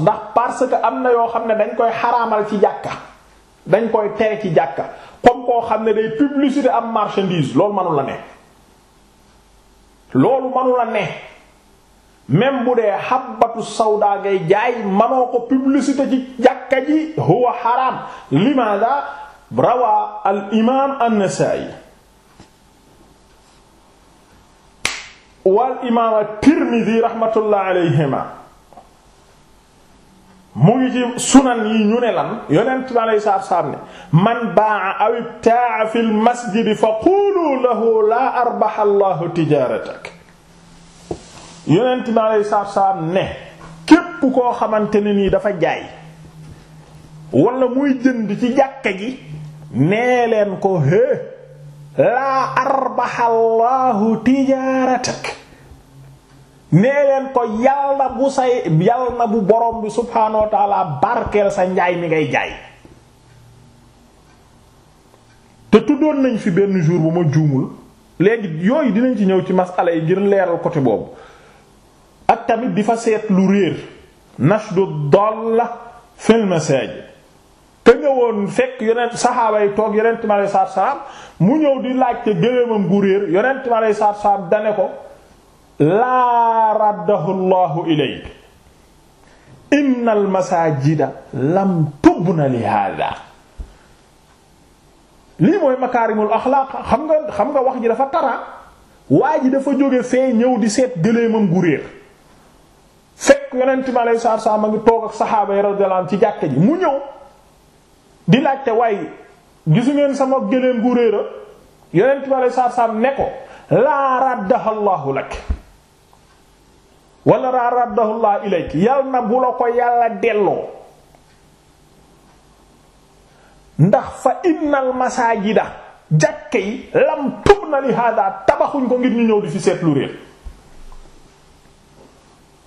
ndax parce que am na yoo xam ne dañ koy xaraamal ci jàkka dañ koy tere ci jàkka comme koo xam ne day publicité am marchandise loolu manu la ne loolu manu la ne même bu dee xabbatu sawda ngay jaay manoo ko publicité ci jàkka ji huwa xaraam limaada rawa al imam an-Nasaa'i wal rahmatullah alayhima mu ngi ci sunan yi ñu ne lan yonent bi alayhi salaatu salaam ne man baa'a aw ibtaa'a fil masjidi fa quulu lahu laa arbaha Allahu tijaaratak yonent bi alayhi salaatu salaam ne képp koo xamante ni nii dafa jaay wala muy jënd ci jàkka ji nee leen ko hee laa arbaha Allahu tijaaratak nee leen ko yal na bu say yal na bu borom bi subhaanahu wa taala barkeel sa njaay mi ngay jaay te tuddoon nañ fi benn jour bu ma juumul léegi yooyu dinañ ci ñëw ci masala yi ngir leeral côté boobu ak tamit di fa seet lu réer nashdu dalla fil masajid te nga woon fekk yonent saxaaba yi toog yonent mi aleyhi salaatu salaam mu ñëw di laajte gëléemam gu réer yonent mi aleyhi salaatu salaam dane ko laa raddahu llahu ilay inna al masajida lam tubna li hada lii mooy makaarimul axlaaq xam nga xam nga wax ji dafa tara waa ji dafa jóge fee ñëw di seet gëléemam gu réer fekk yonent mi aleyhi salaatu a ngi toog ak saxaaba yi radiyallahu anhum ci jàkka ji mu ñëw di laajte waaye gisu ngeen sama gëléem gu réera yonent mi aleyhi salaatu ne ko laa raddaha allahu lak wala raa raddahullah ilayk yal na bu la ko yàlla delloo ndax fa innal masajida jàkke yi lam tub na li tabaxuñ ko ngir ñu ñëw di fi seetlu réer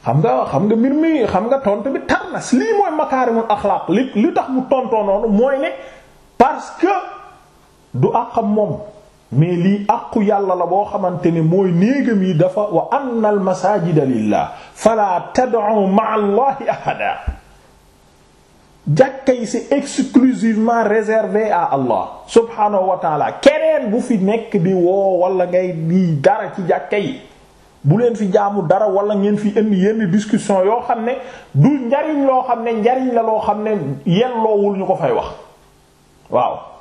xam nga xam nga mbir mi xam nga tontu bi tarnas lii mooy makaarimul axlaaq li li tax mu tontoo noonu mooy ne parce que du àqam moom mais lii àqu yàlla la boo xamante ne mooy néegam yi dafa wa anna al masajida lillah fala tad'u ma'a allahi ahada jàkka yi c'est exclusivement réservé à Allah subhanahu wa keneen bu fi nekk bi woo walla ngay di dara ci jàkka yi bu leen fi jaamu dara wala ngeen fi indi yenn discussion yoo xam ne du njariñ loo xam ne njariñ la loo xam ne yelloowul ñu ko fay wax waaw